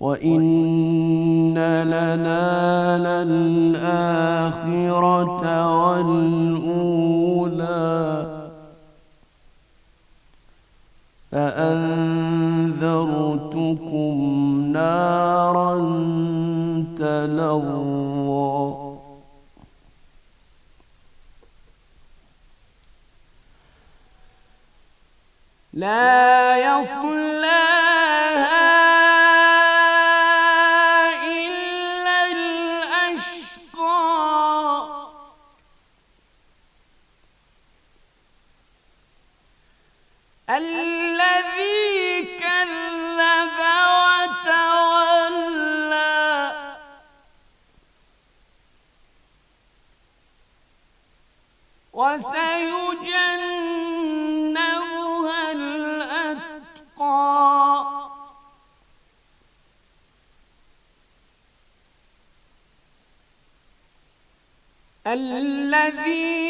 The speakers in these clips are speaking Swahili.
وإن لنا للآخرة والأولى فأنذرتكم نارا تلظى لا يصلى وسيجنبها الأتقى الذي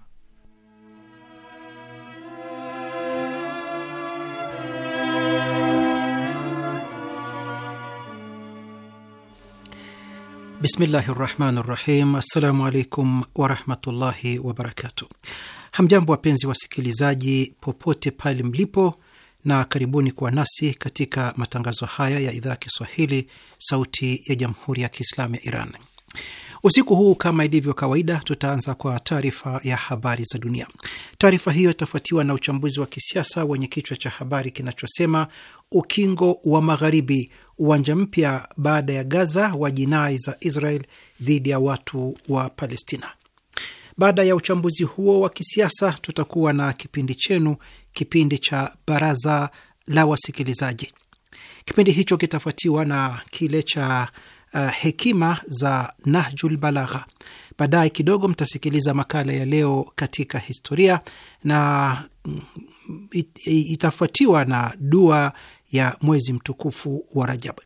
Bismillahi rahmani rahim. Assalamu alaikum warahmatullahi wabarakatuh. Hamjambo wapenzi wasikilizaji, popote pale mlipo, na karibuni kuwa nasi katika matangazo haya ya idhaa ya Kiswahili, Sauti ya Jamhuri ya Kiislamu ya Iran. Usiku huu kama ilivyo kawaida, tutaanza kwa taarifa ya habari za dunia. Taarifa hiyo itafuatiwa na uchambuzi wa kisiasa wenye kichwa cha habari kinachosema ukingo wa Magharibi, uwanja mpya baada ya Gaza wa jinai za Israel dhidi ya watu wa Palestina. Baada ya uchambuzi huo wa kisiasa, tutakuwa na kipindi chenu, kipindi cha baraza la wasikilizaji. Kipindi hicho kitafuatiwa na kile cha uh, hekima za Nahjul Balagha. Baadaye kidogo mtasikiliza makala ya leo katika historia na mm, it, itafuatiwa na dua ya mwezi mtukufu wa Rajabu.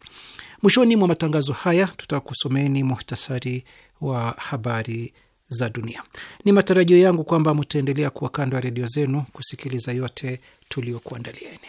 Mwishoni mwa matangazo haya tutakusomeni muhtasari wa habari za dunia. Ni matarajio yangu kwamba mtaendelea kuwa kando ya redio zenu kusikiliza yote tuliokuandalieni.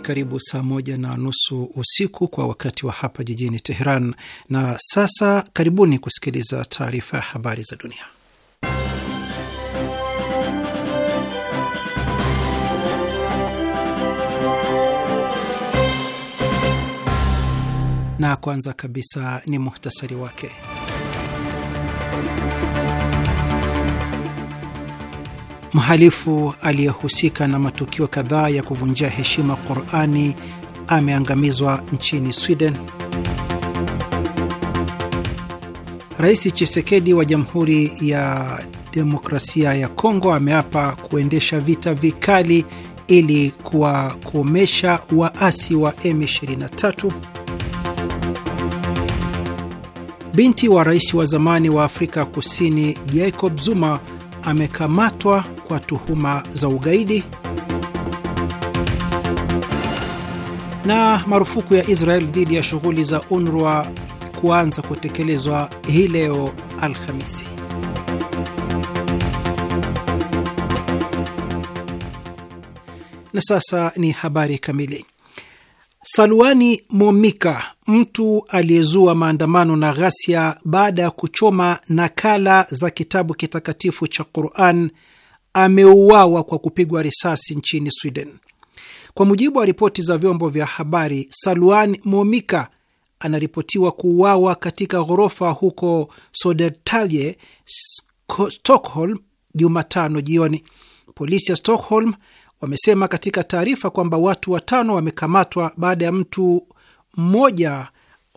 ni karibu saa moja na nusu usiku kwa wakati wa hapa jijini Teheran. Na sasa karibuni kusikiliza taarifa ya habari za dunia, na kwanza kabisa ni muhtasari wake. Mhalifu aliyehusika na matukio kadhaa ya kuvunjia heshima Qurani ameangamizwa nchini Sweden. Rais Chisekedi wa Jamhuri ya Demokrasia ya Kongo ameapa kuendesha vita vikali ili kuwakomesha waasi wa M23. Binti wa rais wa zamani wa Afrika Kusini Jacob Zuma amekamatwa kwa tuhuma za ugaidi. Na marufuku ya Israel dhidi ya shughuli za UNRWA kuanza kutekelezwa hii leo Alhamisi. Na sasa ni habari kamili. saluani Momika mtu aliyezua maandamano na ghasia baada ya kuchoma nakala za kitabu kitakatifu cha Quran ameuawa kwa kupigwa risasi nchini Sweden. Kwa mujibu wa ripoti za vyombo vya habari, Salwan Momika anaripotiwa kuuawa katika ghorofa huko Södertalje, Stockholm, Jumatano jioni. Polisi ya Stockholm wamesema katika taarifa kwamba watu watano wamekamatwa baada ya mtu mmoja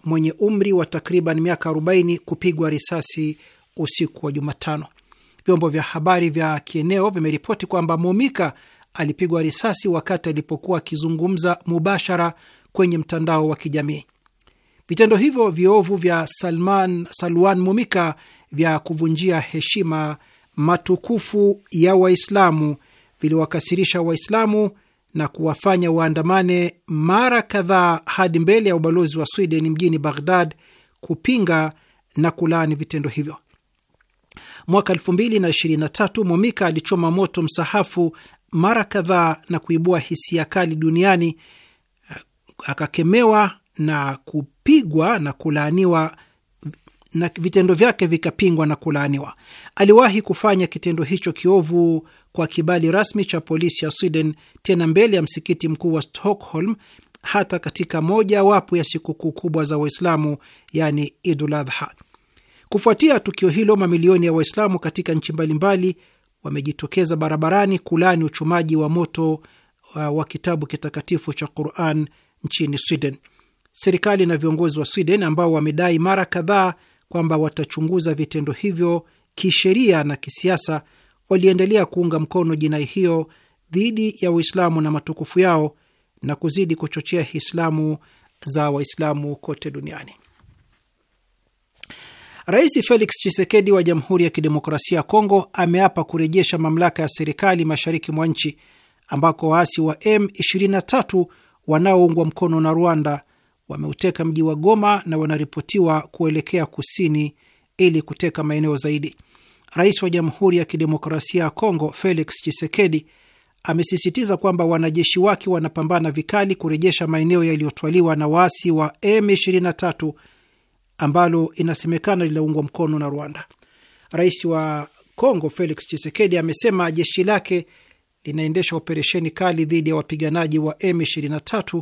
mwenye umri wa takriban miaka 40 kupigwa risasi usiku wa Jumatano. Vyombo vya habari vya kieneo vimeripoti kwamba Momika alipigwa risasi wakati alipokuwa akizungumza mubashara kwenye mtandao wa kijamii. Vitendo hivyo viovu vya Salman Salwan Momika vya kuvunjia heshima matukufu ya Waislamu viliwakasirisha Waislamu na kuwafanya waandamane mara kadhaa hadi mbele ya ubalozi wa Sweden mjini Baghdad kupinga na kulaani vitendo hivyo. Mwaka 2023 Momika alichoma moto msahafu mara kadhaa na kuibua hisia kali duniani. Akakemewa na kupigwa na kulaaniwa na vitendo vyake vikapingwa na kulaaniwa. Aliwahi kufanya kitendo hicho kiovu kwa kibali rasmi cha polisi ya Sweden, tena mbele ya msikiti mkuu wa Stockholm, hata katika moja wapo ya sikukuu kubwa za Waislamu, yani Idul Adha. Kufuatia tukio hilo, mamilioni ya Waislamu katika nchi mbalimbali wamejitokeza barabarani kulani uchumaji wa moto uh, wa kitabu kitakatifu cha Quran nchini Sweden. Serikali na viongozi wa Sweden ambao wamedai mara kadhaa kwamba watachunguza vitendo hivyo kisheria na kisiasa waliendelea kuunga mkono jinai hiyo dhidi ya Uislamu na matukufu yao na kuzidi kuchochea hislamu za Waislamu kote duniani. Rais Felix Tshisekedi wa Jamhuri ya Kidemokrasia ya Kongo ameapa kurejesha mamlaka ya serikali mashariki mwa nchi ambako waasi wa M23 wanaoungwa mkono na Rwanda wameuteka mji wa Goma na wanaripotiwa kuelekea kusini ili kuteka maeneo zaidi. Rais wa Jamhuri ya Kidemokrasia ya Kongo Felix Tshisekedi amesisitiza kwamba wanajeshi wake wanapambana vikali kurejesha maeneo yaliyotwaliwa na waasi wa M23 ambalo inasemekana linaungwa mkono na Rwanda. Rais wa Kongo Felix Tshisekedi amesema jeshi lake linaendesha operesheni kali dhidi ya wapiganaji wa M23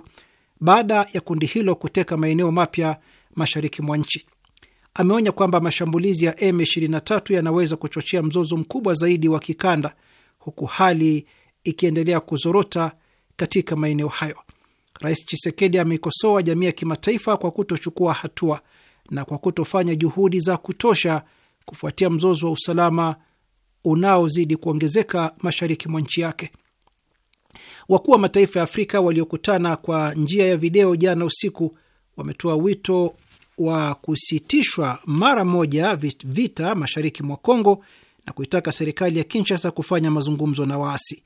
baada ya kundi hilo kuteka maeneo mapya mashariki mwa nchi ameonya kwamba mashambulizi ya M23 yanaweza kuchochea mzozo mkubwa zaidi wa kikanda, huku hali ikiendelea kuzorota katika maeneo hayo. Rais Chisekedi ameikosoa jamii ya kimataifa kwa kutochukua hatua na kwa kutofanya juhudi za kutosha kufuatia mzozo wa usalama unaozidi kuongezeka mashariki mwa nchi yake. Wakuu wa mataifa ya Afrika waliokutana kwa njia ya video jana usiku wametoa wito wa kusitishwa mara moja vita mashariki mwa Kongo na kuitaka serikali ya Kinshasa kufanya mazungumzo na waasi.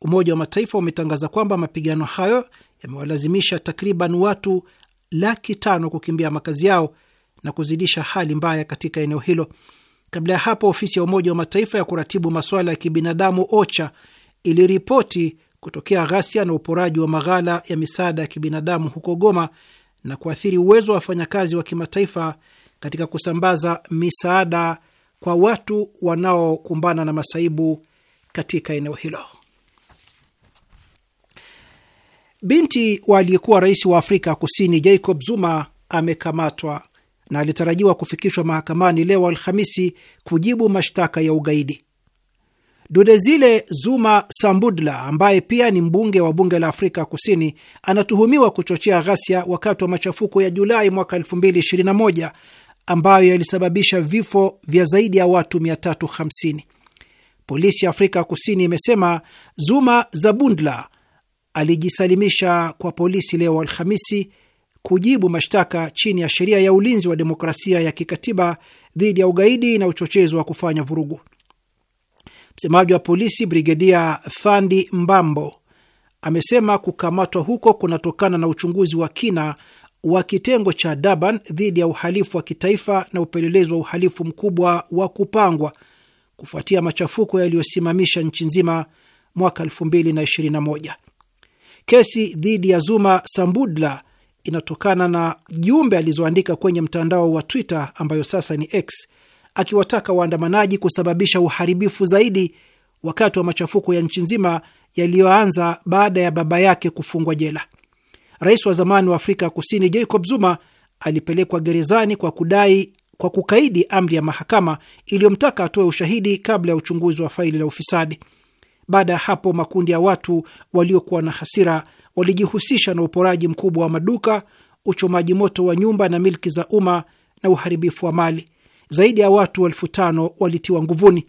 Umoja wa Mataifa umetangaza kwamba mapigano hayo yamewalazimisha takriban watu laki tano kukimbia makazi yao na kuzidisha hali mbaya katika eneo hilo. Kabla ya hapo, ofisi ya Umoja wa Mataifa ya kuratibu masuala ya kibinadamu OCHA iliripoti kutokea ghasia na uporaji wa maghala ya misaada ya kibinadamu huko Goma na kuathiri uwezo wa wafanyakazi wa kimataifa katika kusambaza misaada kwa watu wanaokumbana na masaibu katika eneo hilo. Binti wa aliyekuwa rais wa Afrika Kusini Jacob Zuma amekamatwa na alitarajiwa kufikishwa mahakamani leo Alhamisi kujibu mashtaka ya ugaidi. Dudezile Zuma Sambudla, ambaye pia ni mbunge wa bunge la Afrika Kusini, anatuhumiwa kuchochea ghasia wakati wa machafuko ya Julai mwaka 2021 ambayo yalisababisha vifo vya zaidi ya watu 350. Polisi ya Afrika Kusini imesema Zuma Zabundla alijisalimisha kwa polisi leo Alhamisi kujibu mashtaka chini ya sheria ya ulinzi wa demokrasia ya kikatiba dhidi ya ugaidi na uchochezi wa kufanya vurugu. Msemaji wa polisi Brigedia Thandi Mbambo amesema kukamatwa huko kunatokana na uchunguzi wa kina wa kitengo cha Daban dhidi ya uhalifu wa kitaifa na upelelezi wa uhalifu mkubwa wa kupangwa kufuatia machafuko yaliyosimamisha nchi nzima mwaka 2021. Kesi dhidi ya Zuma Sambudla inatokana na jumbe alizoandika kwenye mtandao wa Twitter ambayo sasa ni X akiwataka waandamanaji kusababisha uharibifu zaidi wakati wa machafuko ya nchi nzima yaliyoanza baada ya baba yake kufungwa jela. Rais wa zamani wa Afrika Kusini Jacob Zuma alipelekwa gerezani kwa kudai kwa kukaidi amri ya mahakama iliyomtaka atoe ushahidi kabla ya uchunguzi wa faili la ufisadi. Baada ya hapo, makundi ya watu waliokuwa na hasira walijihusisha na uporaji mkubwa wa maduka, uchomaji moto wa nyumba na milki za umma na uharibifu wa mali zaidi ya watu elfu tano walitiwa nguvuni.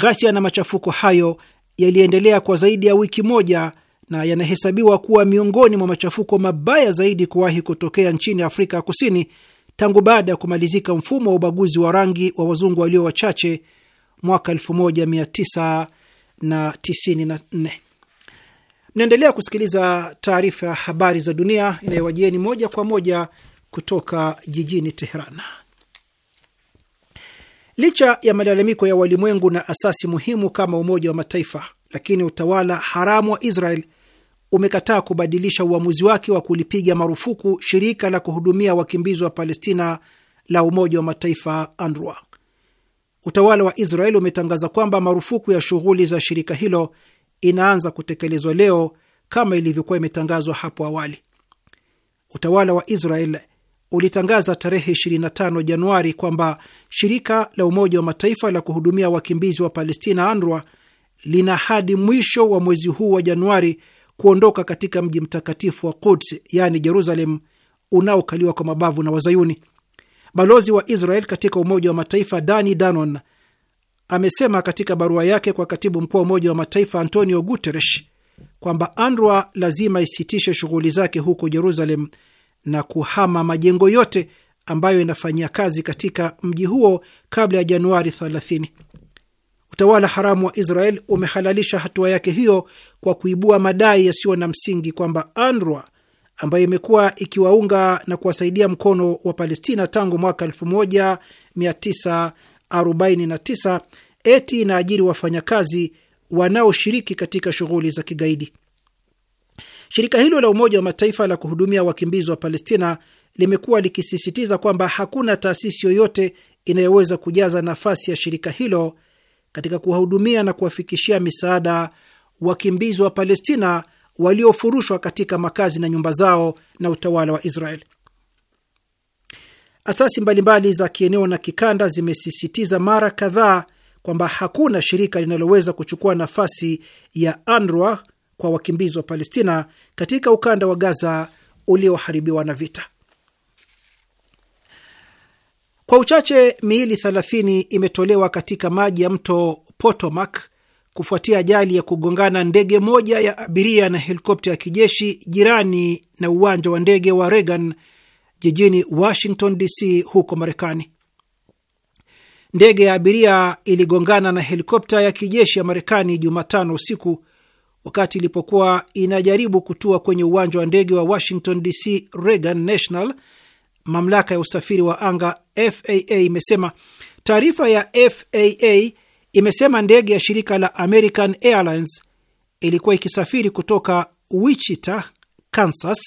Ghasia na machafuko hayo yaliendelea kwa zaidi ya wiki moja na yanahesabiwa kuwa miongoni mwa machafuko mabaya zaidi kuwahi kutokea nchini Afrika ya Kusini tangu baada ya kumalizika mfumo wa ubaguzi wa rangi wa wazungu walio wachache mwaka 1994. Mnaendelea kusikiliza taarifa ya habari za dunia inayowajieni moja kwa moja kutoka jijini Teheran. Licha ya malalamiko ya walimwengu na asasi muhimu kama Umoja wa Mataifa, lakini utawala haramu wa Israel umekataa kubadilisha uamuzi wake wa kulipiga marufuku shirika la kuhudumia wakimbizi wa Palestina la Umoja wa Mataifa, UNRWA. Utawala wa Israel umetangaza kwamba marufuku ya shughuli za shirika hilo inaanza kutekelezwa leo kama ilivyokuwa imetangazwa hapo awali. Utawala wa Israel ulitangaza tarehe 25 Januari kwamba shirika la Umoja wa Mataifa la kuhudumia wakimbizi wa Palestina, UNRWA, lina hadi mwisho wa mwezi huu wa Januari kuondoka katika mji mtakatifu wa Quds, yaani Jerusalem, unaokaliwa kwa mabavu na Wazayuni. Balozi wa Israel katika Umoja wa Mataifa Dani Danon amesema katika barua yake kwa katibu mkuu wa Umoja wa Mataifa Antonio Guterres kwamba UNRWA lazima isitishe shughuli zake huko Jerusalem na kuhama majengo yote ambayo inafanyia kazi katika mji huo kabla ya Januari 30. Utawala haramu wa Israel umehalalisha hatua yake hiyo kwa kuibua madai yasiyo na msingi kwamba Anrwa ambayo imekuwa ikiwaunga na kuwasaidia mkono wa Palestina tangu mwaka 1949 eti inaajiri wafanyakazi wanaoshiriki katika shughuli za kigaidi. Shirika hilo la Umoja wa Mataifa la kuhudumia wakimbizi wa Palestina limekuwa likisisitiza kwamba hakuna taasisi yoyote inayoweza kujaza nafasi ya shirika hilo katika kuwahudumia na kuwafikishia misaada wakimbizi wa Palestina waliofurushwa katika makazi na nyumba zao na utawala wa Israel. Asasi mbalimbali za kieneo na kikanda zimesisitiza mara kadhaa kwamba hakuna shirika linaloweza kuchukua nafasi ya UNRWA kwa wakimbizi wa Palestina katika ukanda wa Gaza ulioharibiwa na vita. Kwa uchache miili 30 imetolewa katika maji ya mto Potomac kufuatia ajali ya kugongana ndege moja ya abiria na helikopta ya kijeshi jirani na uwanja wa ndege wa Reagan jijini Washington DC, huko Marekani. Ndege ya abiria iligongana na helikopta ya kijeshi ya Marekani Jumatano usiku Wakati ilipokuwa inajaribu kutua kwenye uwanja wa ndege wa Washington DC Reagan National, mamlaka ya usafiri wa anga FAA imesema taarifa ya FAA imesema ndege ya shirika la American Airlines ilikuwa ikisafiri kutoka Wichita, Kansas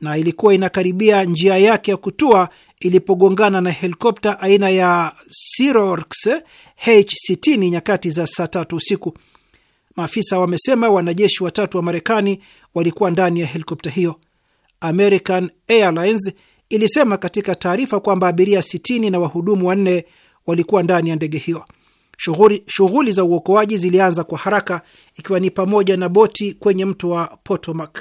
na ilikuwa inakaribia njia yake ya kutua ilipogongana na helikopta aina ya Sirox H60 nyakati za saa tatu usiku. Maafisa wamesema wanajeshi watatu wa Marekani walikuwa ndani ya helikopta hiyo. American Airlines ilisema katika taarifa kwamba abiria 60 na wahudumu wanne walikuwa ndani ya ndege hiyo. Shughuli, shughuli za uokoaji zilianza kwa haraka ikiwa ni pamoja na boti kwenye mto wa Potomac.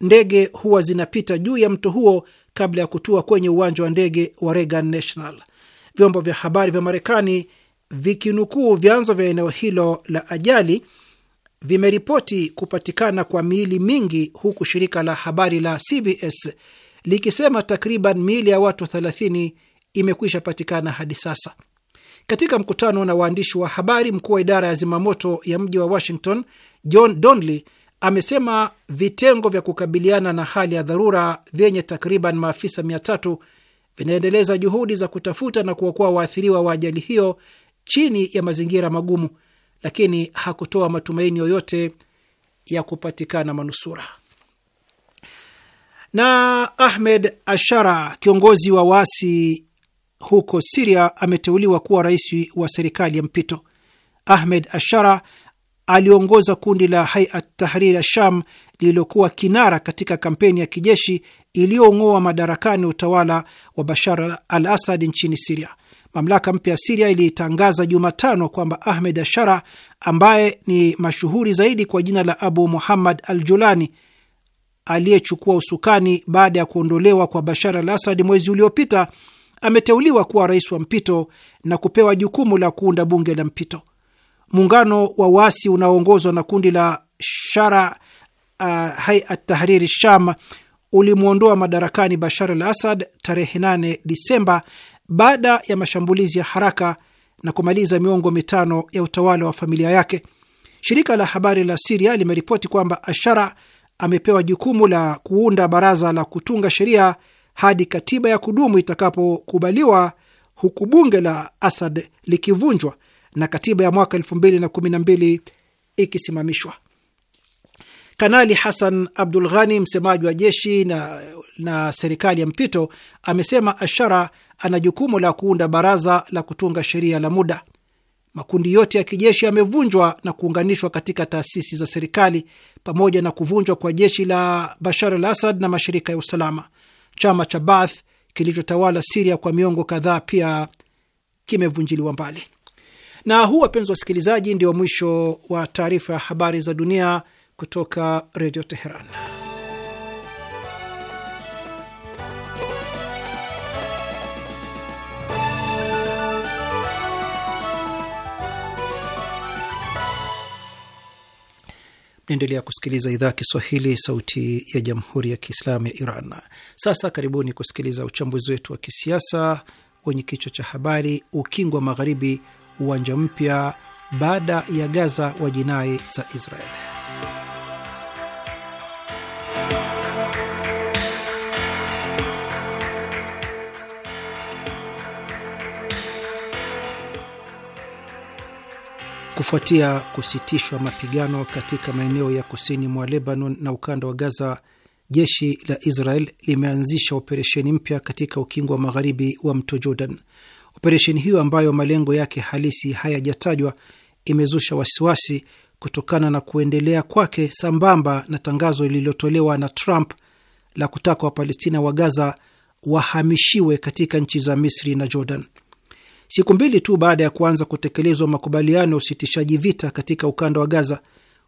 Ndege huwa zinapita juu ya mto huo kabla ya kutua kwenye uwanja wa ndege wa Reagan National. Vyombo vya habari vya Marekani vikinukuu vyanzo vya eneo hilo la ajali vimeripoti kupatikana kwa miili mingi, huku shirika la habari la CBS likisema takriban miili ya watu 30 imekwisha patikana hadi sasa. Katika mkutano na waandishi wa habari, mkuu wa idara ya zimamoto ya mji wa Washington John Donley amesema vitengo vya kukabiliana na hali ya dharura vyenye takriban maafisa 300 vinaendeleza juhudi za kutafuta na kuokoa waathiriwa wa ajali hiyo chini ya mazingira magumu lakini hakutoa matumaini yoyote ya kupatikana manusura. Na Ahmed Ashara, kiongozi wa waasi huko Siria, ameteuliwa kuwa rais wa serikali ya mpito. Ahmed Ashara aliongoza kundi la Haiat Tahrir Asham lililokuwa kinara katika kampeni ya kijeshi iliyong'oa madarakani utawala wa Bashar al Asad nchini Siria. Mamlaka mpya ya Siria ilitangaza Jumatano kwamba Ahmed Ashara ambaye ni mashuhuri zaidi kwa jina la Abu Muhammad al Julani aliyechukua usukani baada ya kuondolewa kwa Bashar al Asad mwezi uliopita ameteuliwa kuwa rais wa mpito na kupewa jukumu la kuunda bunge la mpito. Muungano wa waasi unaoongozwa na kundi la Shara uh, Haiat Tahriri Sham ulimwondoa madarakani Bashar al Asad tarehe 8 Disemba baada ya mashambulizi ya haraka na kumaliza miongo mitano ya utawala wa familia yake. Shirika la habari la Siria limeripoti kwamba Ashara amepewa jukumu la kuunda baraza la kutunga sheria hadi katiba ya kudumu itakapokubaliwa, huku bunge la Asad likivunjwa na katiba ya mwaka 2012 ikisimamishwa. Kanali Hasan Abdul Ghani, msemaji wa jeshi na, na serikali ya mpito, amesema Ashara ana jukumu la kuunda baraza la kutunga sheria la muda. Makundi yote ya kijeshi yamevunjwa na kuunganishwa katika taasisi za serikali pamoja na kuvunjwa kwa jeshi la Bashar al Asad na mashirika ya usalama. Chama cha Baath kilichotawala Siria kwa miongo kadhaa pia kimevunjiliwa mbali. Na huu, wapenzi wasikilizaji, ndio mwisho wa taarifa ya habari za dunia kutoka Redio Teheran. Naendelea kusikiliza idhaa ya Kiswahili, sauti ya jamhuri ya kiislamu ya Iran. Sasa karibuni kusikiliza uchambuzi wetu wa kisiasa wenye kichwa cha habari: ukingo wa magharibi, uwanja mpya baada ya Gaza wa jinai za Israeli. Kufuatia kusitishwa mapigano katika maeneo ya kusini mwa Lebanon na ukanda wa Gaza, jeshi la Israel limeanzisha operesheni mpya katika ukingo wa magharibi wa mto Jordan. Operesheni hiyo ambayo malengo yake halisi hayajatajwa imezusha wasiwasi kutokana na kuendelea kwake sambamba na tangazo lililotolewa na Trump la kutaka Wapalestina wa Gaza wahamishiwe katika nchi za Misri na Jordan siku mbili tu baada ya kuanza kutekelezwa makubaliano ya usitishaji vita katika ukanda wa Gaza,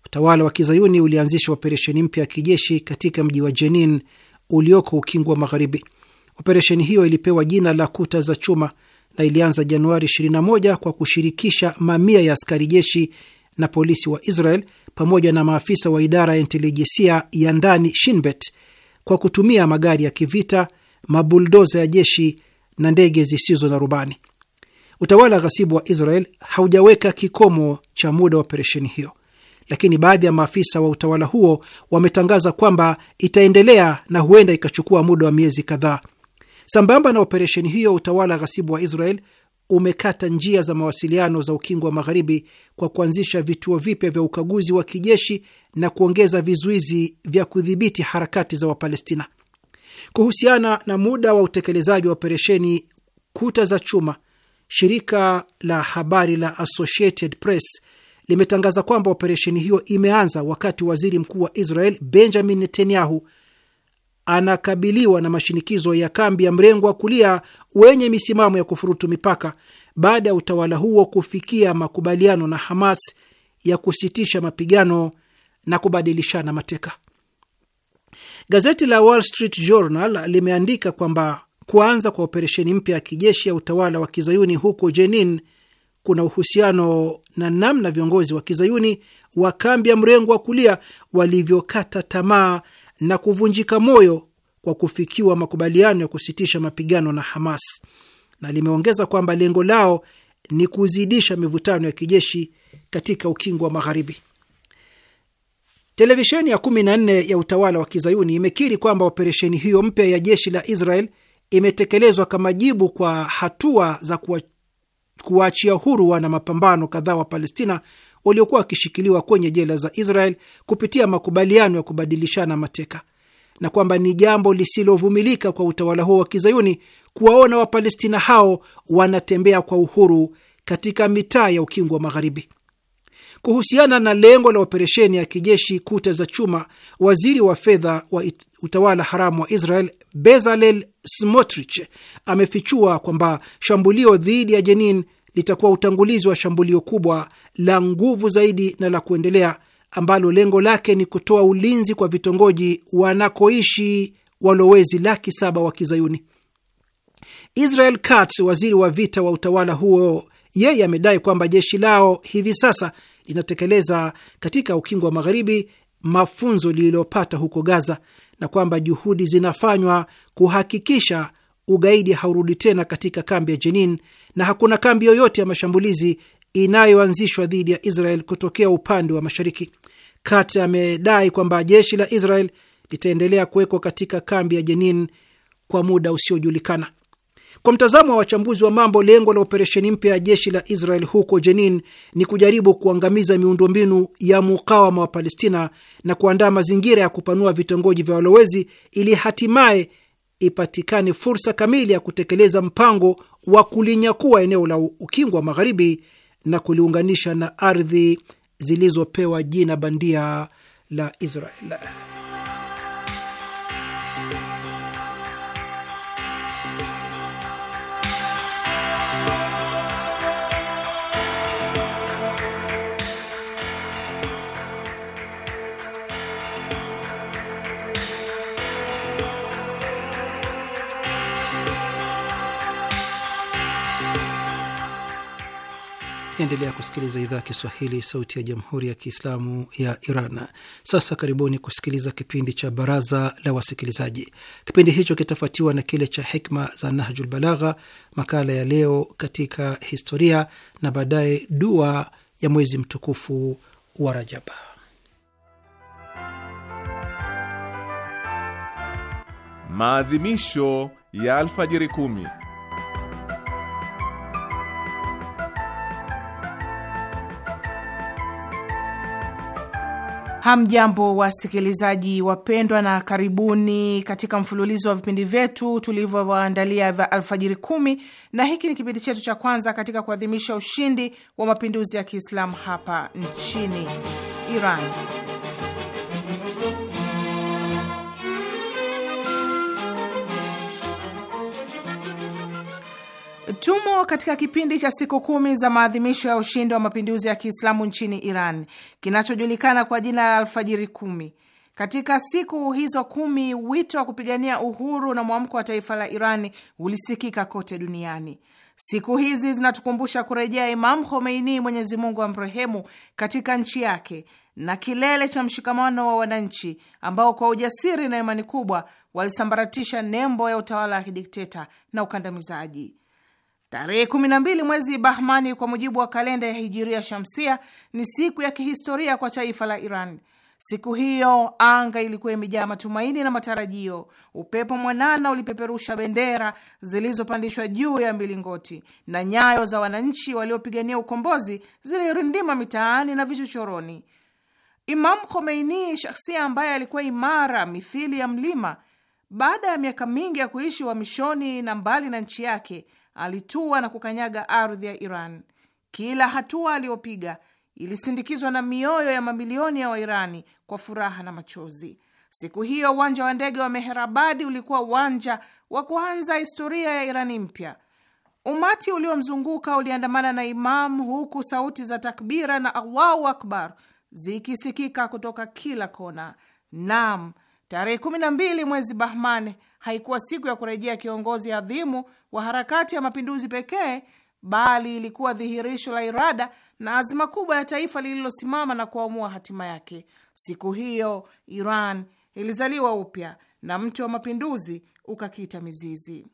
utawala wa kizayuni ulianzisha operesheni mpya ya kijeshi katika mji wa Jenin ulioko ukingo wa Magharibi. Operesheni hiyo ilipewa jina la Kuta za Chuma na ilianza Januari 21 kwa kushirikisha mamia ya askari jeshi na polisi wa Israel pamoja na maafisa wa idara ya intelijensia ya ndani Shinbet kwa kutumia magari ya kivita, mabuldoza ya jeshi na ndege zisizo na rubani. Utawala ghasibu wa Israel haujaweka kikomo cha muda wa operesheni hiyo, lakini baadhi ya maafisa wa utawala huo wametangaza kwamba itaendelea na huenda ikachukua muda wa miezi kadhaa. Sambamba na operesheni hiyo, utawala ghasibu wa Israel umekata njia za mawasiliano za ukingo wa magharibi kwa kuanzisha vituo vipya vya ukaguzi wa kijeshi na kuongeza vizuizi vya kudhibiti harakati za Wapalestina. Kuhusiana na muda wa utekelezaji wa operesheni, kuta za chuma shirika la habari la Associated Press limetangaza kwamba operesheni hiyo imeanza wakati waziri mkuu wa Israel Benjamin Netanyahu anakabiliwa na mashinikizo ya kambi ya mrengo wa kulia wenye misimamo ya kufurutu mipaka baada ya utawala huo kufikia makubaliano na Hamas ya kusitisha mapigano na kubadilishana mateka. Gazeti la Wall Street Journal limeandika kwamba kuanza kwa operesheni mpya ya kijeshi ya utawala wa kizayuni huko Jenin kuna uhusiano na namna viongozi wa kizayuni wa kambi ya mrengo wa kulia walivyokata tamaa na kuvunjika moyo kwa kufikiwa makubaliano ya kusitisha mapigano na Hamas, na limeongeza kwamba lengo lao ni kuzidisha mivutano ya kijeshi katika ukingo wa Magharibi. Televisheni ya 14 ya utawala wa kizayuni imekiri kwamba operesheni hiyo mpya ya jeshi la Israel imetekelezwa kama jibu kwa hatua za kuwaachia huru wana mapambano kadhaa wa Palestina waliokuwa wakishikiliwa kwenye jela za Israel kupitia makubaliano ya kubadilishana mateka na kwamba ni jambo lisilovumilika kwa utawala huo wa kizayuni kuwaona Wapalestina hao wanatembea kwa uhuru katika mitaa ya Ukingo wa Magharibi. Kuhusiana na lengo la operesheni ya kijeshi kuta za chuma, waziri wa fedha wa utawala haramu wa Israel Bezalel Smotrich amefichua kwamba shambulio dhidi ya Jenin litakuwa utangulizi wa shambulio kubwa la nguvu zaidi na la kuendelea ambalo lengo lake ni kutoa ulinzi kwa vitongoji wanakoishi walowezi laki saba wa Kizayuni. Israel Katz, waziri wa vita wa utawala huo, yeye amedai kwamba jeshi lao hivi sasa linatekeleza katika ukingo wa magharibi mafunzo lililopata huko Gaza na kwamba juhudi zinafanywa kuhakikisha ugaidi haurudi tena katika kambi ya Jenin na hakuna kambi yoyote ya mashambulizi inayoanzishwa dhidi ya Israel kutokea upande wa mashariki. Kati amedai kwamba jeshi la Israel litaendelea kuwekwa katika kambi ya Jenin kwa muda usiojulikana. Kwa mtazamo wa wachambuzi wa mambo, lengo la operesheni mpya ya jeshi la Israel huko Jenin ni kujaribu kuangamiza miundombinu ya mukawama wa Palestina na kuandaa mazingira ya kupanua vitongoji vya walowezi ili hatimaye ipatikane fursa kamili ya kutekeleza mpango wa kulinyakua eneo la ukingo wa magharibi na kuliunganisha na ardhi zilizopewa jina bandia la Israel. Naendelea kusikiliza idhaa ya Kiswahili, sauti ya jamhuri ya kiislamu ya Iran. Sasa karibuni kusikiliza kipindi cha baraza la wasikilizaji. Kipindi hicho kitafuatiwa na kile cha hikma za Nahjul Balagha, makala ya leo katika historia, na baadaye dua ya mwezi mtukufu wa Rajaba. Maadhimisho ya alfajiri kumi Hamjambo, wasikilizaji wapendwa, na karibuni katika mfululizo wa vipindi vyetu tulivyowaandalia vya Alfajiri Kumi, na hiki ni kipindi chetu cha kwanza katika kuadhimisha ushindi wa mapinduzi ya Kiislamu hapa nchini Iran. Tumo katika kipindi cha siku kumi za maadhimisho ya ushindi wa mapinduzi ya Kiislamu nchini Iran kinachojulikana kwa jina la Alfajiri Kumi. Katika siku hizo kumi, wito wa kupigania uhuru na mwamko wa taifa la Iran ulisikika kote duniani. Siku hizi zinatukumbusha kurejea Imam Khomeini, Mwenyezi Mungu amrehemu, katika nchi yake na kilele cha mshikamano wa wananchi ambao kwa ujasiri na imani kubwa walisambaratisha nembo ya utawala wa kidikteta na ukandamizaji. Tarehe 12 mwezi Bahmani kwa mujibu wa kalenda ya Hijiria Shamsia ni siku ya kihistoria kwa taifa la Iran. Siku hiyo anga ilikuwa imejaa matumaini na matarajio. Upepo mwanana ulipeperusha bendera zilizopandishwa juu ya milingoti na nyayo za wananchi waliopigania ukombozi zilirindima mitaani na vichochoroni. Imam Khomeini, shahsia ambaye alikuwa imara mithili ya mlima, baada ya miaka mingi ya kuishi uhamishoni na mbali na nchi yake alitua na kukanyaga ardhi ya Iran. Kila hatua aliyopiga ilisindikizwa na mioyo ya mamilioni ya Wairani kwa furaha na machozi. Siku hiyo uwanja wa ndege wa Meherabadi ulikuwa uwanja wa kuanza historia ya Irani mpya. Umati uliomzunguka uliandamana na imam huku sauti za takbira na Allahu akbar zikisikika kutoka kila kona. Naam, Tarehe 12 mwezi Bahman haikuwa siku ya kurejea kiongozi adhimu wa harakati ya mapinduzi pekee, bali ilikuwa dhihirisho la irada na azima kubwa ya taifa lililosimama na kuamua hatima yake. Siku hiyo Iran ilizaliwa upya na mti wa mapinduzi ukakita mizizi.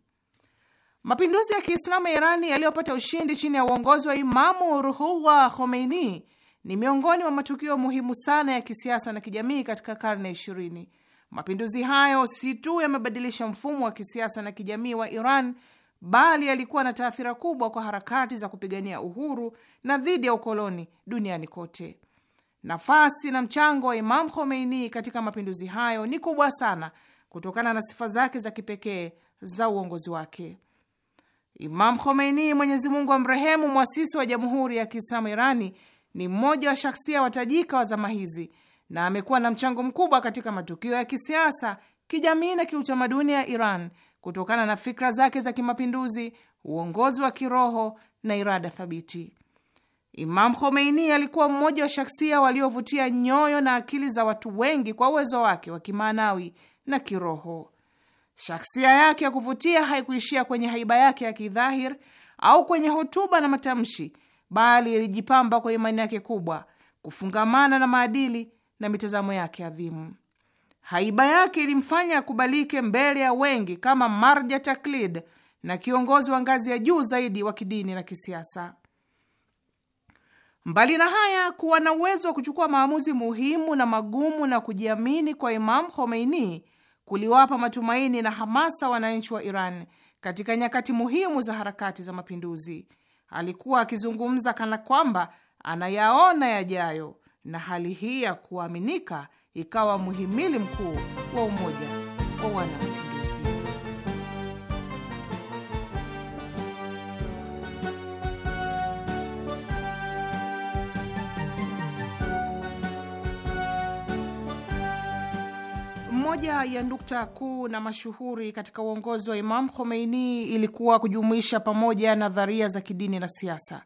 Mapinduzi ya Kiislamu ya Irani yaliyopata ushindi chini ya uongozi wa Imamu Ruhullah Khomeini ni miongoni mwa matukio muhimu sana ya kisiasa na kijamii katika karne ya ishirini. Mapinduzi hayo si tu yamebadilisha mfumo wa kisiasa na kijamii wa Iran bali yalikuwa na taathira kubwa kwa harakati za kupigania uhuru na dhidi ya ukoloni duniani kote. Nafasi na mchango wa Imam Khomeini katika mapinduzi hayo ni kubwa sana kutokana na sifa zake za kipekee za uongozi wake. Imam Khomeini, Mwenyezi Mungu amrehemu, mwasisi wa Jamhuri ya Kiislamu Irani, ni mmoja wa shahsia watajika wa zama hizi na amekuwa na mchango mkubwa katika matukio ya kisiasa, kijamii na kiutamaduni ya Iran kutokana na fikra zake za kimapinduzi, uongozi wa kiroho na irada thabiti. Imam Khomeini alikuwa mmoja wa shaksia waliovutia nyoyo na akili za watu wengi kwa uwezo wake wa kimaanawi na kiroho. Shaksia yake ya kuvutia haikuishia kwenye haiba yake ya kidhahir au kwenye hotuba na matamshi, bali ilijipamba kwa imani yake kubwa, kufungamana na maadili na mitazamo yake adhimu. Haiba yake ilimfanya akubalike mbele ya wengi kama marja taklid na kiongozi wa ngazi ya juu zaidi wa kidini na kisiasa. Mbali na haya, kuwa na uwezo wa kuchukua maamuzi muhimu na magumu na kujiamini kwa Imam Khomeini kuliwapa matumaini na hamasa wananchi wa Iran katika nyakati muhimu za harakati za mapinduzi. Alikuwa akizungumza kana kwamba anayaona yajayo na hali hii ya kuaminika ikawa mhimili mkuu wa umoja wa wanamapinduzi. Moja ya nukta kuu na mashuhuri katika uongozi wa Imam Khomeini ilikuwa kujumuisha pamoja nadharia za kidini na siasa.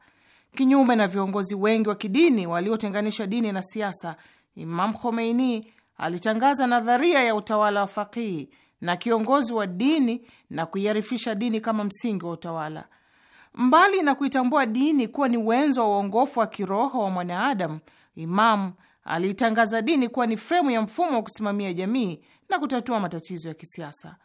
Kinyume na viongozi wengi wa kidini waliotenganisha dini na siasa, Imam Khomeini alitangaza nadharia ya utawala wa fakihi na kiongozi wa dini na kuiarifisha dini kama msingi wa utawala. Mbali na kuitambua dini kuwa ni wenzo wa uongofu wa kiroho wa mwanaadamu, Imam aliitangaza dini kuwa ni fremu ya mfumo wa kusimamia jamii na kutatua matatizo ya kisiasa.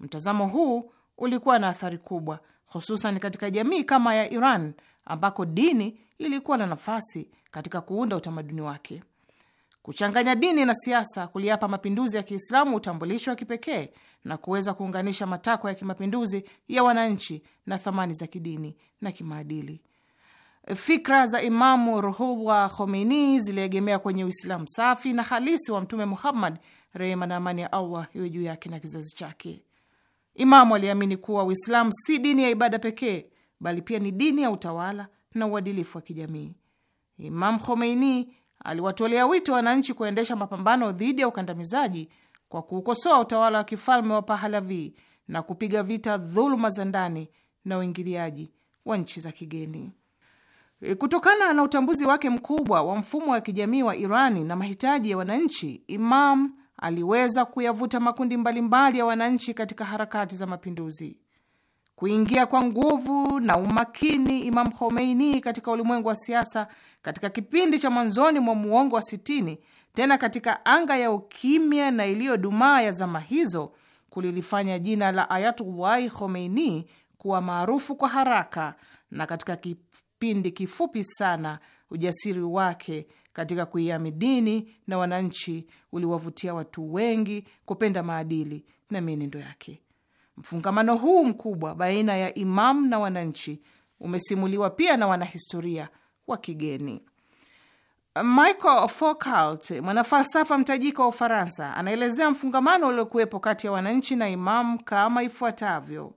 Mtazamo huu ulikuwa na athari kubwa, hususan katika jamii kama ya Iran ambako dini ilikuwa na nafasi katika kuunda utamaduni wake. Kuchanganya dini na siasa kuliapa mapinduzi ya Kiislamu utambulisho wa kipekee na kuweza kuunganisha matakwa ya kimapinduzi ya wananchi na thamani za kidini na kimaadili. Fikra za Imamu Ruhullah Khomeini ziliegemea kwenye Uislamu safi na halisi wa Mtume Muhammad, rehema na amani ya Allah iwe juu yake na kizazi chake. Imamu aliamini kuwa Uislamu si dini ya ibada pekee, bali pia ni dini ya utawala na uadilifu wa kijamii. Imam Khomeini aliwatolea wito wananchi kuendesha mapambano dhidi ya ukandamizaji kwa kuukosoa utawala wa kifalme wa Pahalavi na kupiga vita dhuluma za ndani na uingiliaji wa nchi za kigeni. E, kutokana na utambuzi wake mkubwa wa mfumo wa kijamii wa Irani na mahitaji ya wananchi, Imam aliweza kuyavuta makundi mbalimbali ya wananchi katika harakati za mapinduzi. Kuingia kwa nguvu na umakini Imam Khomeini katika ulimwengu wa siasa katika kipindi cha mwanzoni mwa muongo wa sitini, tena katika anga ya ukimya na iliyodumaa ya zama hizo kulilifanya jina la Ayatullahi Khomeini kuwa maarufu kwa haraka na katika kipindi kifupi sana. Ujasiri wake katika kuiami dini na wananchi uliwavutia watu wengi kupenda maadili na mienendo yake. Mfungamano huu mkubwa baina ya imamu na wananchi umesimuliwa pia na wanahistoria wa kigeni. Michael Foucault, mwanafalsafa mtajika wa Ufaransa, anaelezea mfungamano uliokuwepo kati ya wananchi na imamu kama ifuatavyo: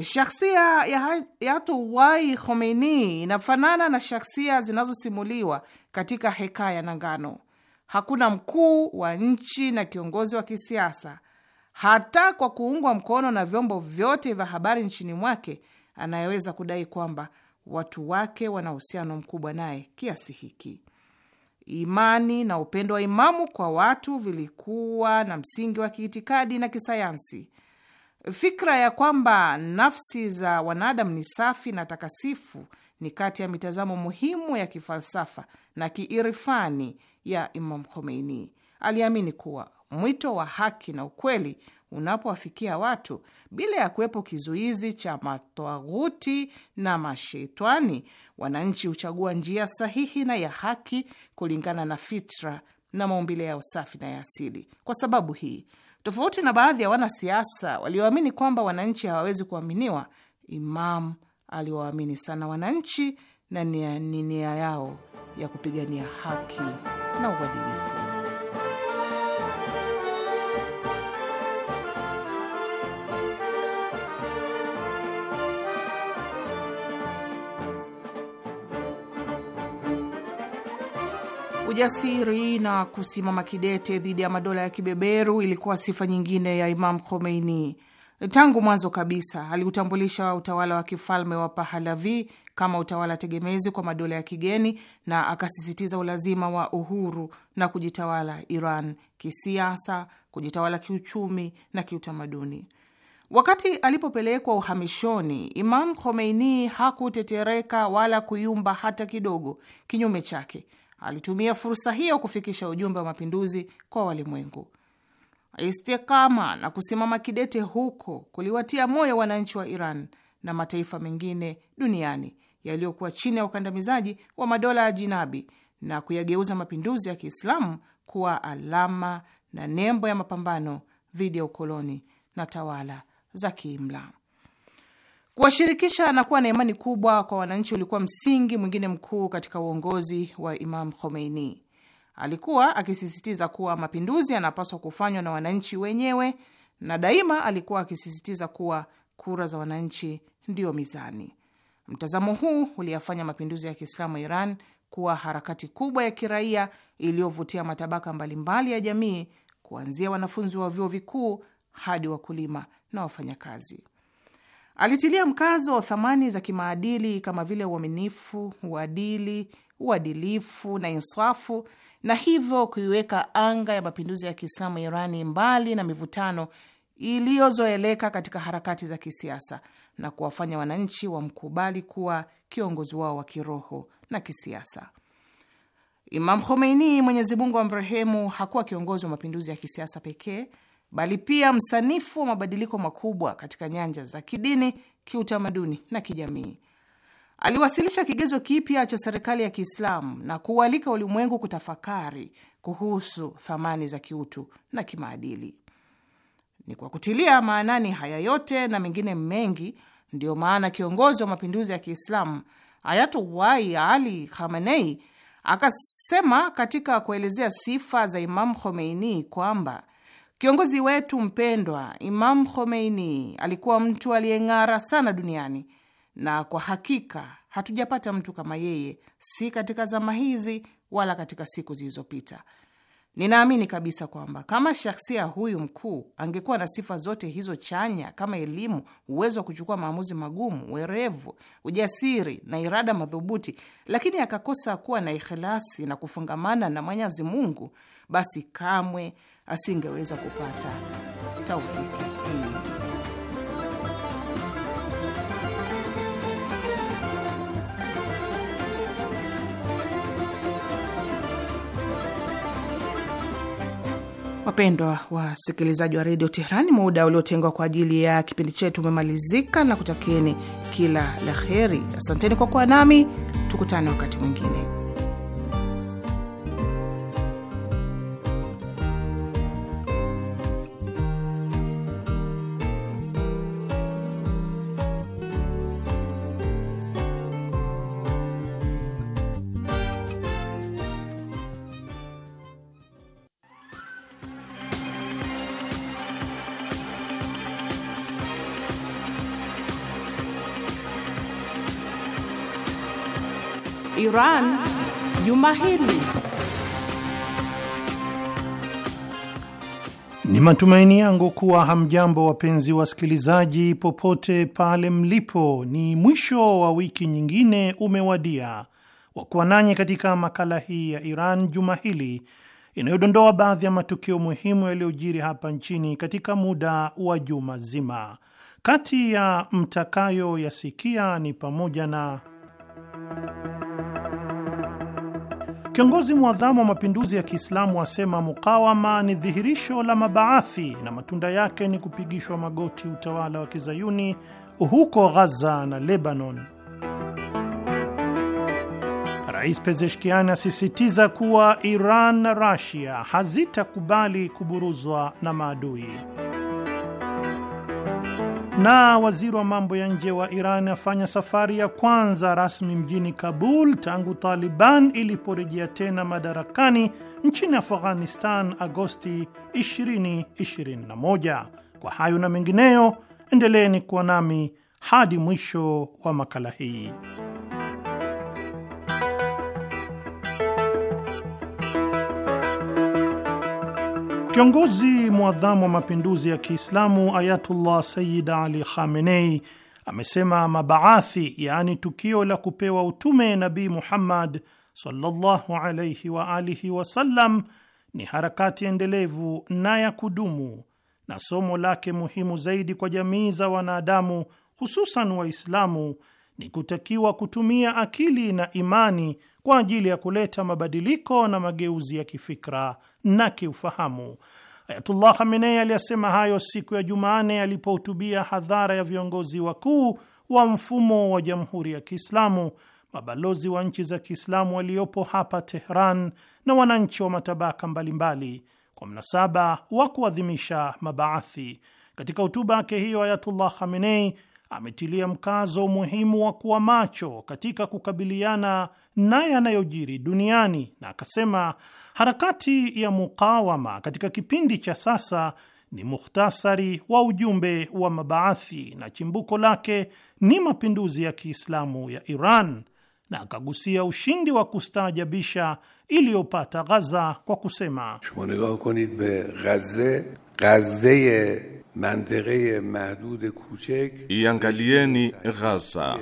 shakhsia ya Ayatollah Khomeini inafanana na shakhsia zinazosimuliwa katika Hekaya na Ngano. Hakuna mkuu wa nchi na kiongozi wa kisiasa hata kwa kuungwa mkono na vyombo vyote vya habari nchini mwake, anayeweza kudai kwamba watu wake wana uhusiano mkubwa naye kiasi hiki. Imani na upendo wa Imamu kwa watu vilikuwa na msingi wa kiitikadi na kisayansi. Fikra ya kwamba nafsi za wanadamu ni safi na takasifu ni kati ya mitazamo muhimu ya kifalsafa na kiirifani ya Imam Khomeini. Aliamini kuwa mwito wa haki na ukweli unapowafikia watu bila ya kuwepo kizuizi cha matwaguti na masheitani, wananchi huchagua njia sahihi na ya haki kulingana na fitra na maumbile yao safi na ya asili. Kwa sababu hii, tofauti na baadhi ya wanasiasa walioamini kwamba wananchi hawawezi kuaminiwa, Imam aliwaamini sana wananchi na ni nia yao ya kupigania haki na uadilifu. Ujasiri na kusimama kidete dhidi ya madola ya kibeberu ilikuwa sifa nyingine ya Imam Khomeini. Tangu mwanzo kabisa aliutambulisha utawala wa kifalme wa Pahalavi kama utawala tegemezi kwa madola ya kigeni na akasisitiza ulazima wa uhuru na kujitawala Iran kisiasa, kujitawala kiuchumi na kiutamaduni. Wakati alipopelekwa uhamishoni, Imam Khomeini hakutetereka wala kuyumba hata kidogo. Kinyume chake, alitumia fursa hiyo kufikisha ujumbe wa mapinduzi kwa walimwengu. Istikama na kusimama kidete huko kuliwatia moyo wananchi wa Iran na mataifa mengine duniani yaliyokuwa chini ya ukandamizaji wa madola ya jinabi na kuyageuza mapinduzi ya Kiislamu kuwa alama na nembo ya mapambano dhidi ya ukoloni na tawala za kiimla. Kuwashirikisha na kuwa na imani kubwa kwa wananchi ulikuwa msingi mwingine mkuu katika uongozi wa Imam Khomeini. Alikuwa akisisitiza kuwa mapinduzi yanapaswa kufanywa na wananchi wenyewe, na daima alikuwa akisisitiza kuwa kura za wananchi ndiyo mizani. Mtazamo huu uliyafanya mapinduzi ya Kiislamu Iran kuwa harakati kubwa ya kiraia iliyovutia matabaka mbalimbali ya jamii, kuanzia wanafunzi wa vyuo vikuu hadi wakulima na wafanyakazi. Alitilia mkazo wa thamani za kimaadili kama vile uaminifu, uadili, uadilifu na inswafu na hivyo kuiweka anga ya mapinduzi ya Kiislamu Irani mbali na mivutano iliyozoeleka katika harakati za kisiasa na kuwafanya wananchi wamkubali kuwa kiongozi wao wa kiroho na kisiasa. Imam Khomeini, Mwenyezi Mungu amrehemu, hakuwa kiongozi wa mapinduzi ya kisiasa pekee bali pia msanifu wa mabadiliko makubwa katika nyanja za kidini, kiutamaduni na kijamii. Aliwasilisha kigezo kipya cha serikali ya Kiislamu na kuualika ulimwengu kutafakari kuhusu thamani za kiutu na kimaadili. Ni kwa kutilia maanani haya yote na mengine mengi, ndiyo maana kiongozi wa mapinduzi ya Kiislamu Ayatullah Ali Khamenei akasema katika kuelezea sifa za Imamu Khomeini kwamba Kiongozi wetu mpendwa Imam Khomeini alikuwa mtu aliyeng'ara sana duniani, na kwa hakika hatujapata mtu kama yeye, si katika zama hizi wala katika siku zilizopita. Ninaamini kabisa kwamba kama shahsia huyu mkuu angekuwa na sifa zote hizo chanya kama elimu, uwezo wa kuchukua maamuzi magumu, werevu, ujasiri na irada madhubuti, lakini akakosa kuwa na ikhilasi na kufungamana na Mwenyezi Mungu, basi kamwe asingeweza kupata taufiki. Wapendwa wasikilizaji wa redio Teherani, muda uliotengwa kwa ajili ya kipindi chetu umemalizika na kutakieni kila la heri. Asanteni kwa kuwa nami, tukutane wakati mwingine. Iran juma hili. Ni matumaini yangu kuwa hamjambo wapenzi wasikilizaji, popote pale mlipo. Ni mwisho wa wiki nyingine umewadia wa kuwa nanyi katika makala hii ya Iran juma hili inayodondoa baadhi ya matukio muhimu yaliyojiri hapa nchini katika muda wa juma zima. Kati ya mtakayoyasikia ni pamoja na Kiongozi mwadhamu wa mapinduzi ya Kiislamu asema mukawama ni dhihirisho la mabaathi na matunda yake ni kupigishwa magoti utawala wa kizayuni huko Ghaza na Lebanon. Rais Pezeshkian asisitiza kuwa Iran na Rasia hazitakubali kuburuzwa na maadui. Na waziri wa mambo ya nje wa Iran afanya safari ya kwanza rasmi mjini Kabul tangu Taliban iliporejea tena madarakani nchini Afghanistan Agosti 2021. Kwa hayo na mengineyo, endeleeni kuwa nami hadi mwisho wa makala hii. Kiongozi mwadhamu wa mapinduzi ya Kiislamu Ayatullah Sayyid Ali Khamenei amesema mabaathi, yaani tukio la kupewa utume Nabii Muhammad sallallahu alayhi wa alihi wasallam, ni harakati endelevu na ya kudumu, na somo lake muhimu zaidi kwa jamii za wanadamu, hususan Waislamu ni kutakiwa kutumia akili na imani kwa ajili ya kuleta mabadiliko na mageuzi ya kifikra na kiufahamu. Ayatullah Hamenei aliyasema hayo siku ya jumanne alipohutubia hadhara ya viongozi wakuu wa mfumo wa Jamhuri ya Kiislamu, mabalozi wa nchi za Kiislamu waliopo hapa Tehran na wananchi wa matabaka mbalimbali kwa mnasaba wa kuadhimisha mabaathi. Katika hotuba yake hiyo, Ayatullah Hamenei ametilia mkazo umuhimu wa kuwa macho katika kukabiliana na yanayojiri duniani na akasema harakati ya mukawama katika kipindi cha sasa ni mukhtasari wa ujumbe wa mabaathi na chimbuko lake ni mapinduzi ya Kiislamu ya Iran, na akagusia ushindi wa kustaajabisha iliyopata Ghaza kwa kusema Iangalieni Ghaza.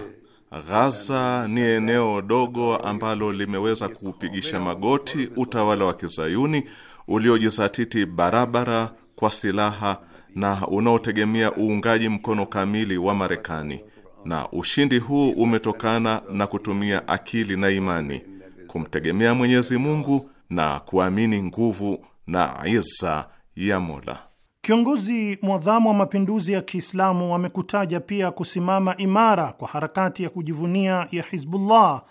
Ghaza ni eneo dogo ambalo limeweza kuupigisha magoti utawala wa kizayuni uliojizatiti barabara kwa silaha na unaotegemea uungaji mkono kamili wa Marekani, na ushindi huu umetokana na kutumia akili na imani, kumtegemea Mwenyezi Mungu na kuamini nguvu na iza ya Mola. Kiongozi mwadhamu wa mapinduzi ya Kiislamu amekutaja pia kusimama imara kwa harakati ya kujivunia ya Hizbullah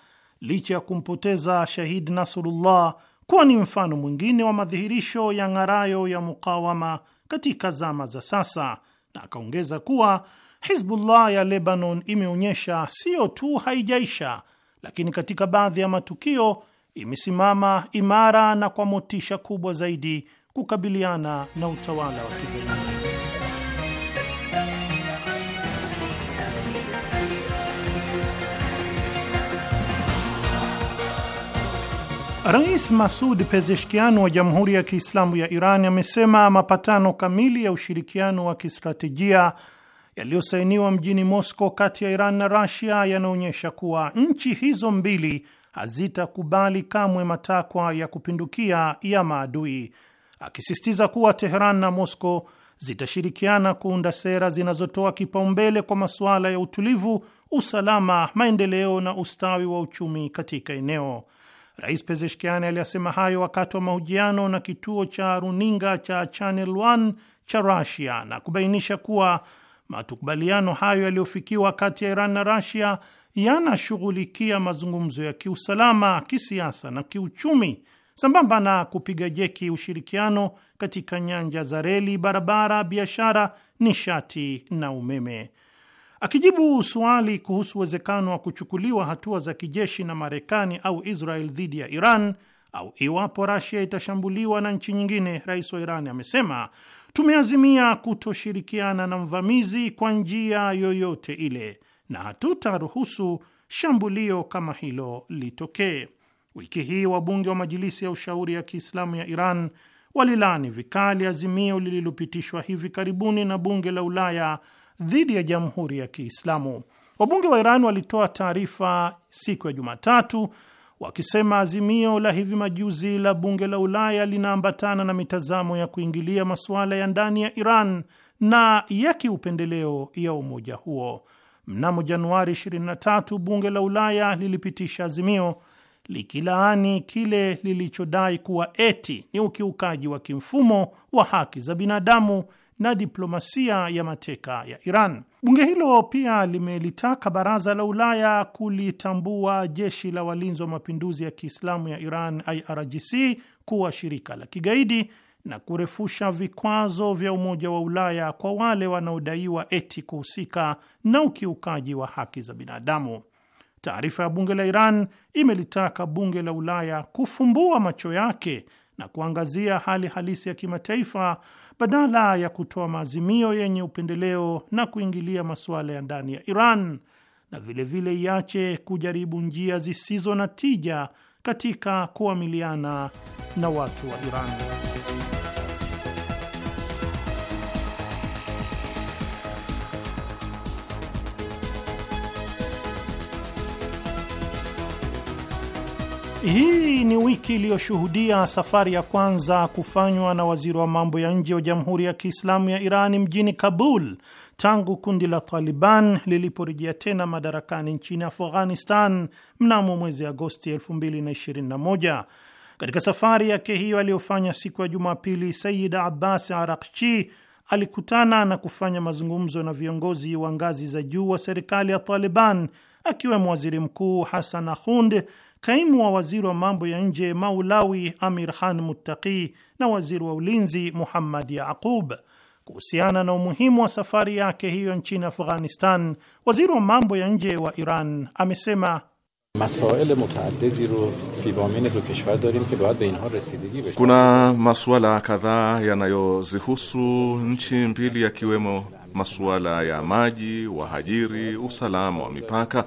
licha ya kumpoteza shahid Nasrullah kuwa ni mfano mwingine wa madhihirisho ya ng'arayo ya mukawama katika zama za sasa, na akaongeza kuwa Hizbullah ya Lebanon imeonyesha siyo tu haijaisha, lakini katika baadhi ya matukio imesimama imara na kwa motisha kubwa zaidi kukabiliana na utawala wa kizayuni. Rais Masud Pezeshkian wa Jamhuri ya Kiislamu ya Iran amesema mapatano kamili ya ushirikiano wa kistratejia yaliyosainiwa mjini Moscow kati ya Iran na rasia yanaonyesha kuwa nchi hizo mbili hazitakubali kamwe matakwa ya kupindukia ya maadui akisisitiza kuwa Teheran na Moscow zitashirikiana kuunda sera zinazotoa kipaumbele kwa masuala ya utulivu, usalama, maendeleo na ustawi wa uchumi katika eneo. Rais Pezeshkian aliyasema hayo wakati wa mahojiano na kituo cha runinga cha Channel 1 cha Russia na kubainisha kuwa matukubaliano hayo yaliyofikiwa kati ya Iran na Russia yanashughulikia mazungumzo ya kiusalama, kisiasa na kiuchumi sambamba na kupiga jeki ushirikiano katika nyanja za reli, barabara, biashara, nishati na umeme. Akijibu swali kuhusu uwezekano wa kuchukuliwa hatua za kijeshi na Marekani au Israel dhidi ya Iran au iwapo Rasia itashambuliwa na nchi nyingine, rais wa Iran amesema tumeazimia kutoshirikiana na mvamizi kwa njia yoyote ile na hatutaruhusu shambulio kama hilo litokee. Wiki hii wabunge wa Majilisi ya Ushauri ya Kiislamu ya Iran walilani vikali azimio lililopitishwa hivi karibuni na bunge la Ulaya dhidi ya Jamhuri ya Kiislamu. Wabunge wa Iran walitoa taarifa siku ya Jumatatu wakisema azimio la hivi majuzi la bunge la Ulaya linaambatana na mitazamo ya kuingilia masuala ya ndani ya Iran na ya kiupendeleo ya umoja huo. Mnamo Januari 23 bunge la Ulaya lilipitisha azimio likilaani kile lilichodai kuwa eti ni ukiukaji wa kimfumo wa haki za binadamu na diplomasia ya mateka ya Iran. Bunge hilo pia limelitaka baraza la Ulaya kulitambua jeshi la walinzi wa mapinduzi ya Kiislamu ya Iran, IRGC, kuwa shirika la kigaidi na kurefusha vikwazo vya Umoja wa Ulaya kwa wale wanaodaiwa eti kuhusika na ukiukaji wa haki za binadamu taarifa ya bunge la Iran imelitaka bunge la Ulaya kufumbua macho yake na kuangazia hali halisi ya kimataifa badala ya kutoa maazimio yenye upendeleo na kuingilia masuala ya ndani ya Iran na vilevile iache vile kujaribu njia zisizo na tija katika kuamiliana na watu wa Iran. Hii ni wiki iliyoshuhudia safari ya kwanza kufanywa na waziri wa mambo ya nje wa Jamhuri ya Kiislamu ya Iran mjini Kabul tangu kundi la Taliban liliporejea tena madarakani nchini Afghanistan mnamo mwezi Agosti 2021. Katika safari yake hiyo aliyofanya siku ya Jumapili, Sayid Abbas Arakchi alikutana na kufanya mazungumzo na viongozi wa ngazi za juu wa serikali ya Taliban akiwemo waziri mkuu Hasan Ahund kaimu wa waziri wa mambo ya nje Maulawi Amir Khan Muttaqi na waziri wa ulinzi Muhammad Yaqub kuhusiana na umuhimu wa safari yake hiyo nchini Afghanistan. Waziri wa mambo ya nje wa Iran amesema kuna masuala kadhaa yanayozihusu nchi mbili, yakiwemo masuala ya maji, wahajiri, usalama wa mipaka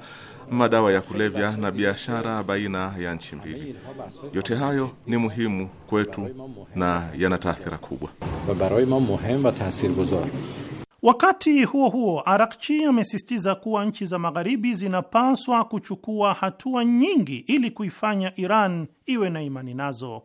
madawa ya kulevya na biashara baina ya nchi mbili. Yote hayo ni muhimu kwetu na yana taathira kubwa. Wakati huo huo, Arakchi amesisitiza kuwa nchi za Magharibi zinapaswa kuchukua hatua nyingi ili kuifanya Iran iwe na imani nazo.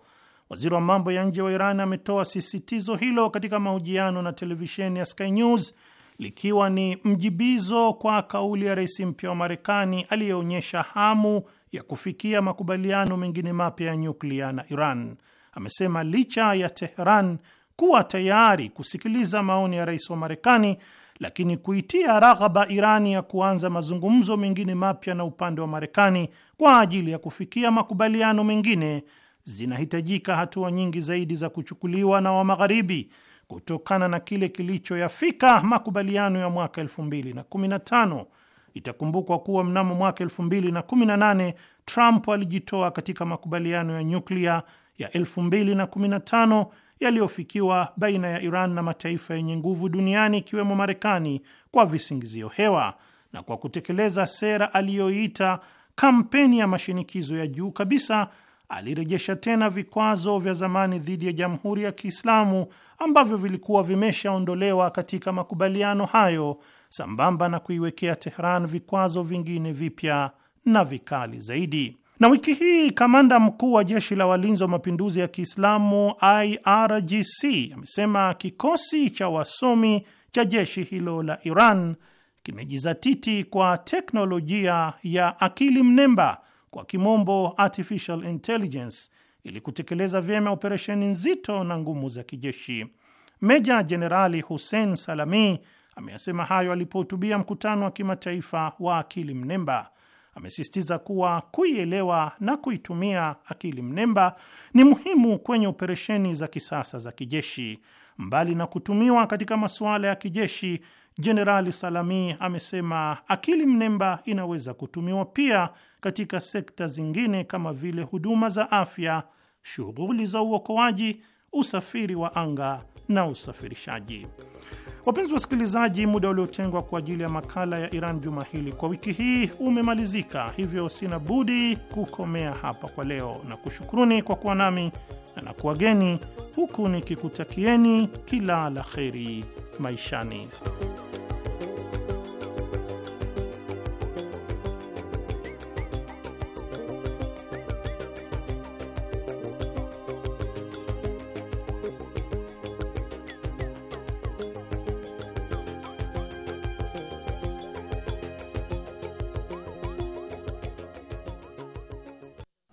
Waziri wa mambo ya nje wa Iran ametoa sisitizo hilo katika mahojiano na televisheni ya Sky News likiwa ni mjibizo kwa kauli ya rais mpya wa Marekani aliyeonyesha hamu ya kufikia makubaliano mengine mapya ya nyuklia na Iran. Amesema licha ya Teheran kuwa tayari kusikiliza maoni ya rais wa Marekani, lakini kuitia raghaba Irani ya kuanza mazungumzo mengine mapya na upande wa Marekani kwa ajili ya kufikia makubaliano mengine, zinahitajika hatua nyingi zaidi za kuchukuliwa na wa Magharibi kutokana na kile kilichoyafika makubaliano ya mwaka 2015. Itakumbukwa kuwa mnamo mwaka 2018 Trump alijitoa katika makubaliano ya nyuklia ya 2015 yaliyofikiwa baina ya Iran na mataifa yenye nguvu duniani ikiwemo Marekani kwa visingizio hewa na kwa kutekeleza sera aliyoita kampeni ya mashinikizo ya juu kabisa, alirejesha tena vikwazo vya zamani dhidi ya Jamhuri ya Kiislamu ambavyo vilikuwa vimeshaondolewa katika makubaliano hayo, sambamba na kuiwekea Tehran vikwazo vingine vipya na vikali zaidi. Na wiki hii kamanda mkuu wa jeshi la walinzi wa mapinduzi ya Kiislamu IRGC amesema kikosi cha wasomi cha jeshi hilo la Iran kimejizatiti kwa teknolojia ya akili mnemba, kwa kimombo artificial intelligence, ili kutekeleza vyema operesheni nzito na ngumu za kijeshi. Meja Jenerali Hussein Salami ameyasema hayo alipohutubia mkutano wa kimataifa wa akili mnemba. Amesisitiza kuwa kuielewa na kuitumia akili mnemba ni muhimu kwenye operesheni za kisasa za kijeshi. Mbali na kutumiwa katika masuala ya kijeshi, Jenerali Salami amesema akili mnemba inaweza kutumiwa pia katika sekta zingine kama vile huduma za afya, shughuli za uokoaji, usafiri wa anga na usafirishaji. Wapenzi wasikilizaji, muda uliotengwa kwa ajili ya makala ya Iran juma hili kwa wiki hii umemalizika, hivyo sina budi kukomea hapa kwa leo na kushukuruni kwa kuwa nami na nakuwageni huku nikikutakieni kila la kheri maishani.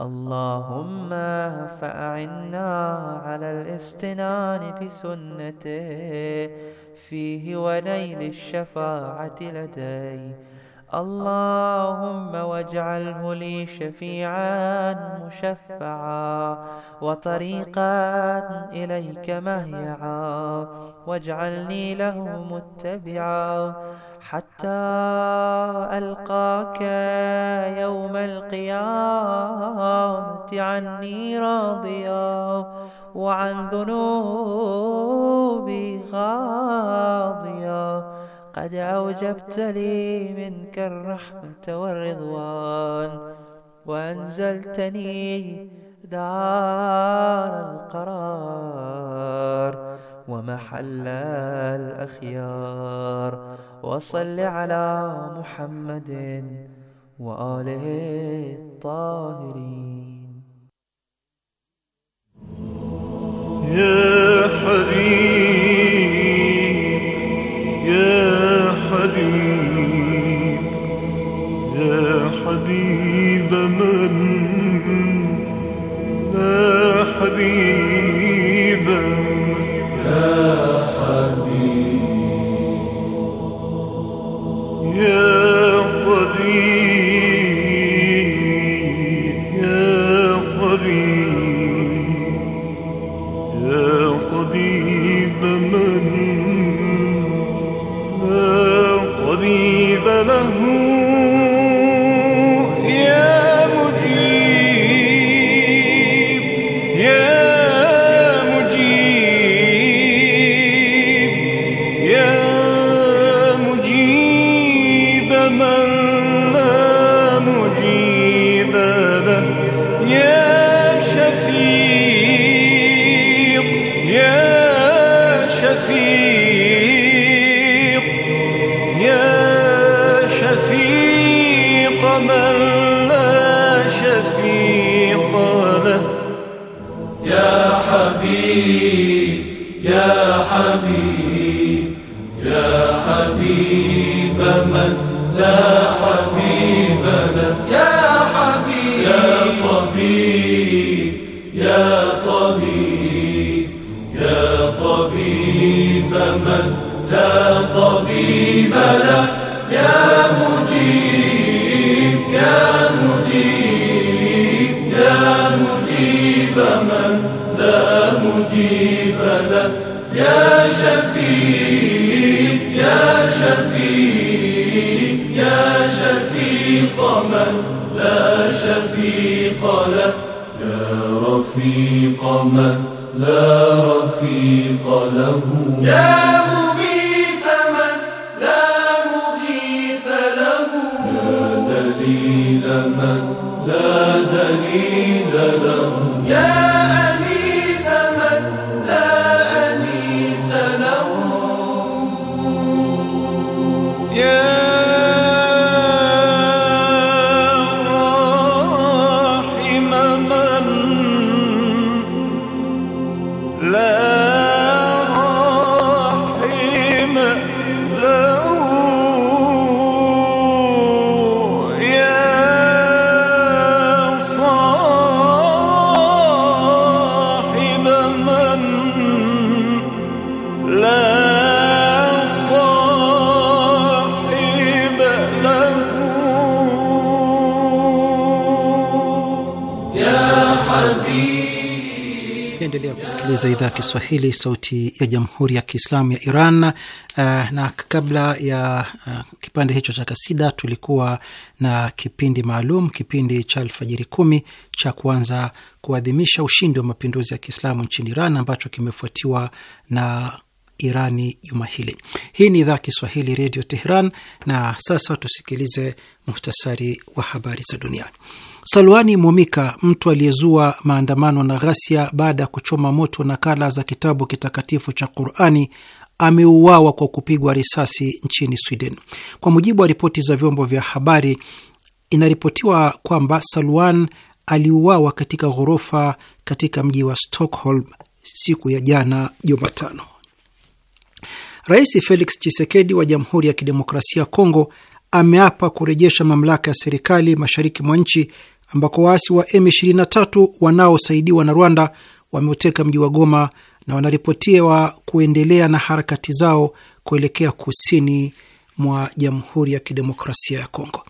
اللهم فأعنا على الاستنان بسنته فيه ونيل الشفاعة لديه اللهم واجعله لي شفيعا مشفعا وطريقا إليك مهيعا واجعلني له متبعا حتى ألقاك يوم القيامة عني راضيا وعن ذنوبي غاضيا قد أوجبت لي منك الرحمة والرضوان وأنزلتني دار القرار ومحل الأخيار وصل على محمد وآله الطاهرين يا حبيب يا حبيب يا حبيب من يا حبيب يا حبيب Kiswahili, Sauti ya Jamhuri ya Kiislamu ya Iran. Uh, na kabla ya uh, kipande hicho cha kasida, tulikuwa na kipindi maalum, kipindi cha alfajiri kumi cha kuanza kuadhimisha ushindi wa mapinduzi ya Kiislamu nchini Iran ambacho kimefuatiwa na Irani juma hili. Hii ni idhaa Kiswahili Redio Teheran. Na sasa tusikilize muhtasari wa habari za dunia. Salwani Momika, mtu aliyezua maandamano na ghasia baada ya kuchoma moto nakala za kitabu kitakatifu cha Qurani, ameuawa kwa kupigwa risasi nchini Sweden. Kwa mujibu wa ripoti za vyombo vya habari, inaripotiwa kwamba Salwan aliuawa katika ghorofa katika mji wa Stockholm siku ya jana Jumatano. Rais Felix Tshisekedi wa Jamhuri ya Kidemokrasia ya Kongo ameapa kurejesha mamlaka ya serikali mashariki mwa nchi ambako waasi wa M23 wanaosaidiwa na Rwanda wameuteka mji wa Goma na wanaripotiwa kuendelea na harakati zao kuelekea kusini mwa Jamhuri ya Kidemokrasia ya Kongo.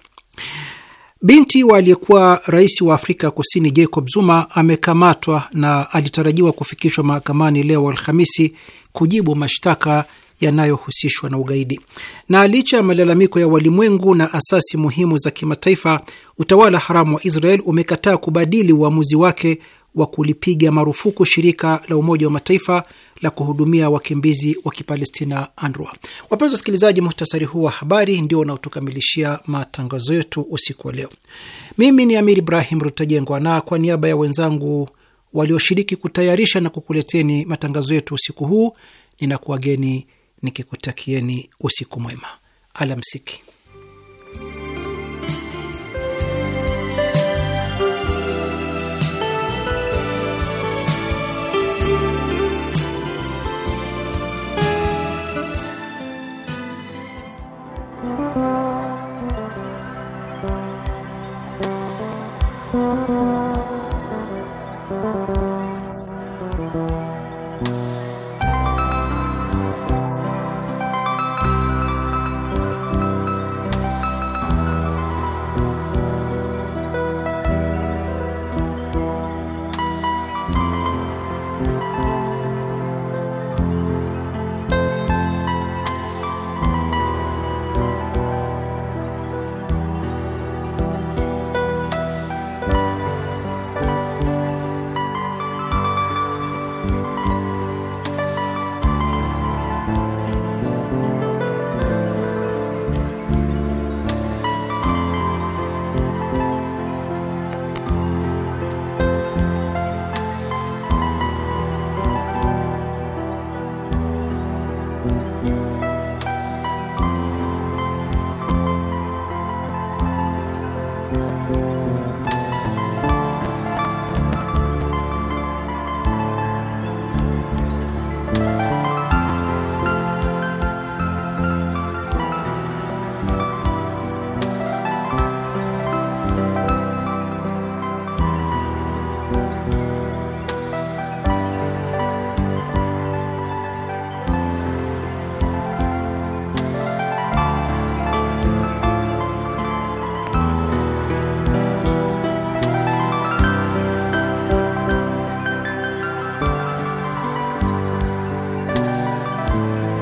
Binti wa aliyekuwa rais wa Afrika Kusini Jacob Zuma amekamatwa na alitarajiwa kufikishwa mahakamani leo Alhamisi kujibu mashtaka yanayohusishwa na ugaidi. Na licha ya malalamiko ya walimwengu na asasi muhimu za kimataifa, utawala haramu wa Israel umekataa kubadili uamuzi wake wa kulipiga marufuku shirika la Umoja wa Mataifa la kuhudumia wakimbizi wa Kipalestina, UNRWA. Wapenzi wasikilizaji, muhtasari huu wa habari ndio unaotukamilishia matangazo yetu usiku wa leo. Mimi ni Amir Ibrahim Rutajengwa, na kwa niaba ya wenzangu walioshiriki kutayarisha na kukuleteni matangazo yetu usiku huu, ninakuwageni nikikutakieni usiku mwema. Alamsiki.